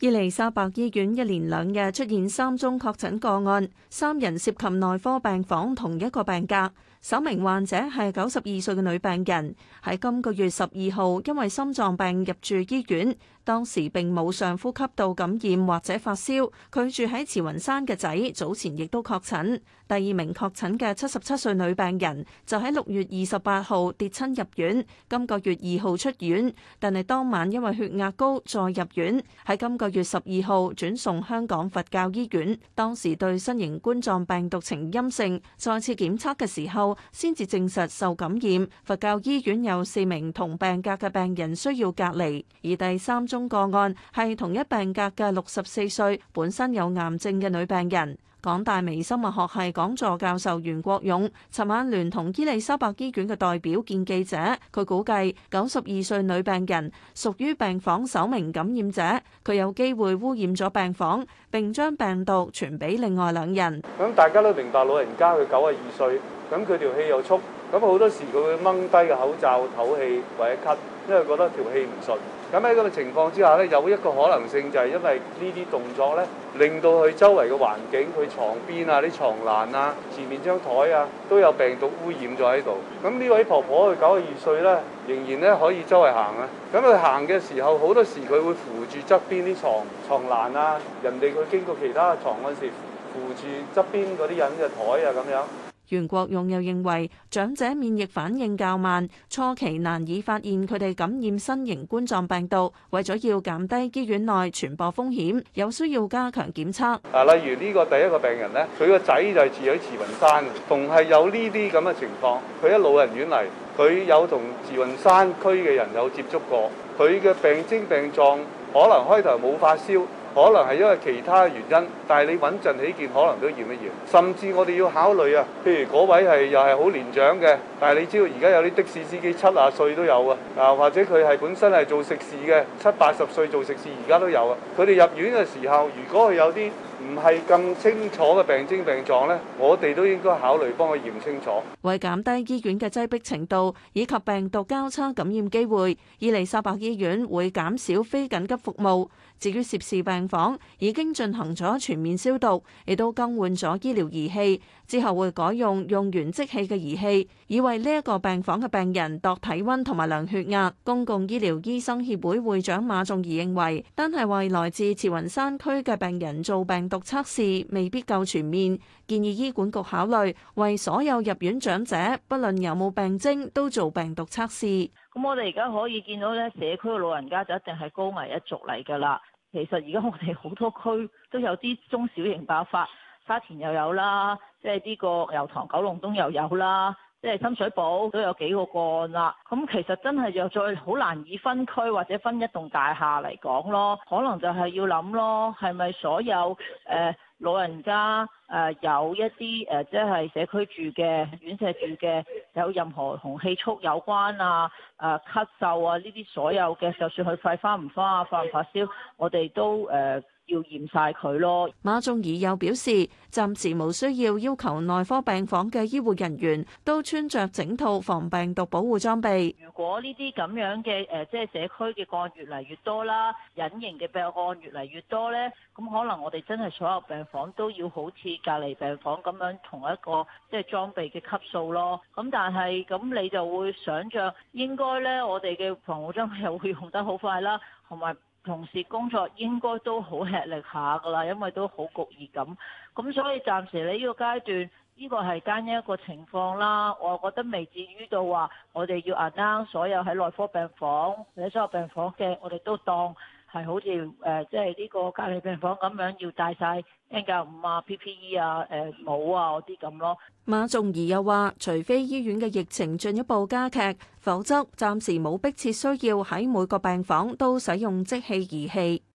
伊利沙伯醫院一連兩日出現三宗確診個案，三人涉及內科病房同一個病格。首名患者係九十二歲嘅女病人，喺今個月十二號因為心臟病入住醫院，當時並冇上呼吸道感染或者發燒，佢住喺慈雲山嘅仔早前亦都確診。第二名確診嘅七十七歲女病人就喺六月二十八號跌親入院，今個月二號出院，但係當晚因為血壓高再入院，喺今個月十二號轉送香港佛教醫院，當時對新型冠狀病毒呈陰性，再次檢測嘅時候，先至證實受感染。佛教醫院有四名同病格嘅病人需要隔離，而第三宗個案係同一病格嘅六十四歲本身有癌症嘅女病人。港大微生物學系講座教授袁國勇尋晚聯同伊利沙伯醫院嘅代表見記者，佢估計九十二歲女病人屬於病房首名感染者，佢有機會污染咗病房，並將病毒傳俾另外兩人。咁大家都明白，老人家佢九十二歲。咁佢條氣又粗，咁好多時佢會掹低個口罩唞氣或者咳，因為覺得條氣唔順。咁喺咁嘅情況之下呢，有一個可能性就係因為呢啲動作呢，令到佢周圍嘅環境，佢床邊啊、啲床欄啊、前面張台啊，都有病毒污染咗喺度。咁呢位婆婆佢九十二歲呢，仍然呢可以周圍行啊。咁佢行嘅時候，好多時佢會扶住側邊啲床床欄啊，人哋佢經過其他嘅床嗰時，扶住側邊嗰啲人嘅台啊咁袁國勇又認為，長者免疫反應較慢，初期難以發現佢哋感染新型冠狀病毒。為咗要減低醫院內傳播風險，有需要加強檢測。啊，例如呢個第一個病人呢，佢個仔就係住喺慈雲山，同係有呢啲咁嘅情況。佢一老人院嚟，佢有同慈雲山區嘅人有接觸過。佢嘅病徵病狀可能開頭冇發燒。可能係因為其他原因，但係你穩陣起見，可能都驗一驗。甚至我哋要考慮啊，譬如嗰位係又係好年長嘅，但係你知道而家有啲的士司機七十歲都有啊。或者佢係本身係做食肆嘅，七八十歲做食肆而家都有啊。佢哋入院嘅時候，如果佢有啲唔係咁清楚嘅病徵病狀咧，我哋都應該考慮幫佢驗清楚。為減低醫院嘅擠迫程度以及病毒交叉感染機會，伊利沙伯醫院會減少非緊急服務，至於涉事病房已經進行咗全面消毒，亦都更換咗醫療儀器，之後會改用用完即棄嘅儀器，以為呢一個病房嘅病人度體溫同埋量血壓。公共醫療醫生協會會長馬仲儀認為，單係為來自慈雲山區嘅病人做病病毒測試未必夠全面，建議醫管局考慮為所有入院長者，不論有冇病徵，都做病毒測試。咁我哋而家可以見到咧，社區嘅老人家就一定係高危一族嚟噶啦。其實而家我哋好多區都有啲中小型爆發，沙田又有啦，即係呢個油塘九龍東又有啦。即係深水埗都有幾個個案啦，咁其實真係又再好難以分區或者分一棟大廈嚟講咯，可能就係要諗咯，係咪所有誒、呃、老人家誒、呃、有一啲、呃、即係社區住嘅、院舍住嘅，有任何同氣促有關啊、誒、呃、咳嗽啊呢啲所有嘅，就算佢肺返唔返啊、發唔發燒，我哋都誒。呃要驗晒佢咯。馬仲儀又表示，暫時冇需要要求內科病房嘅醫護人員都穿着整套防病毒保護裝備。如果呢啲咁樣嘅誒、呃，即係社區嘅個案越嚟越多啦，隱形嘅病案越嚟越多咧，咁可能我哋真係所有病房都要好似隔離病房咁樣同一個即係、就是、裝備嘅級數咯。咁但係咁你就會想像應該咧，我哋嘅防護裝備又會用得好快啦，同埋。同事工作應該都好吃力下㗎喇，因為都好焗熱咁。咁所以暫時你呢個階段，呢、呢個係單一一個情況啦。我覺得未至於到話，我哋要捱硬所有喺內科病房、喺所有病房嘅，我哋都當。係好似誒，即係呢個隔離病房咁樣，要戴晒 N 九五啊、PPE 啊、誒帽啊嗰啲咁咯。馬仲儀又話，除非醫院嘅疫情進一步加劇，否則暫時冇迫切需要喺每個病房都使用即棄儀器。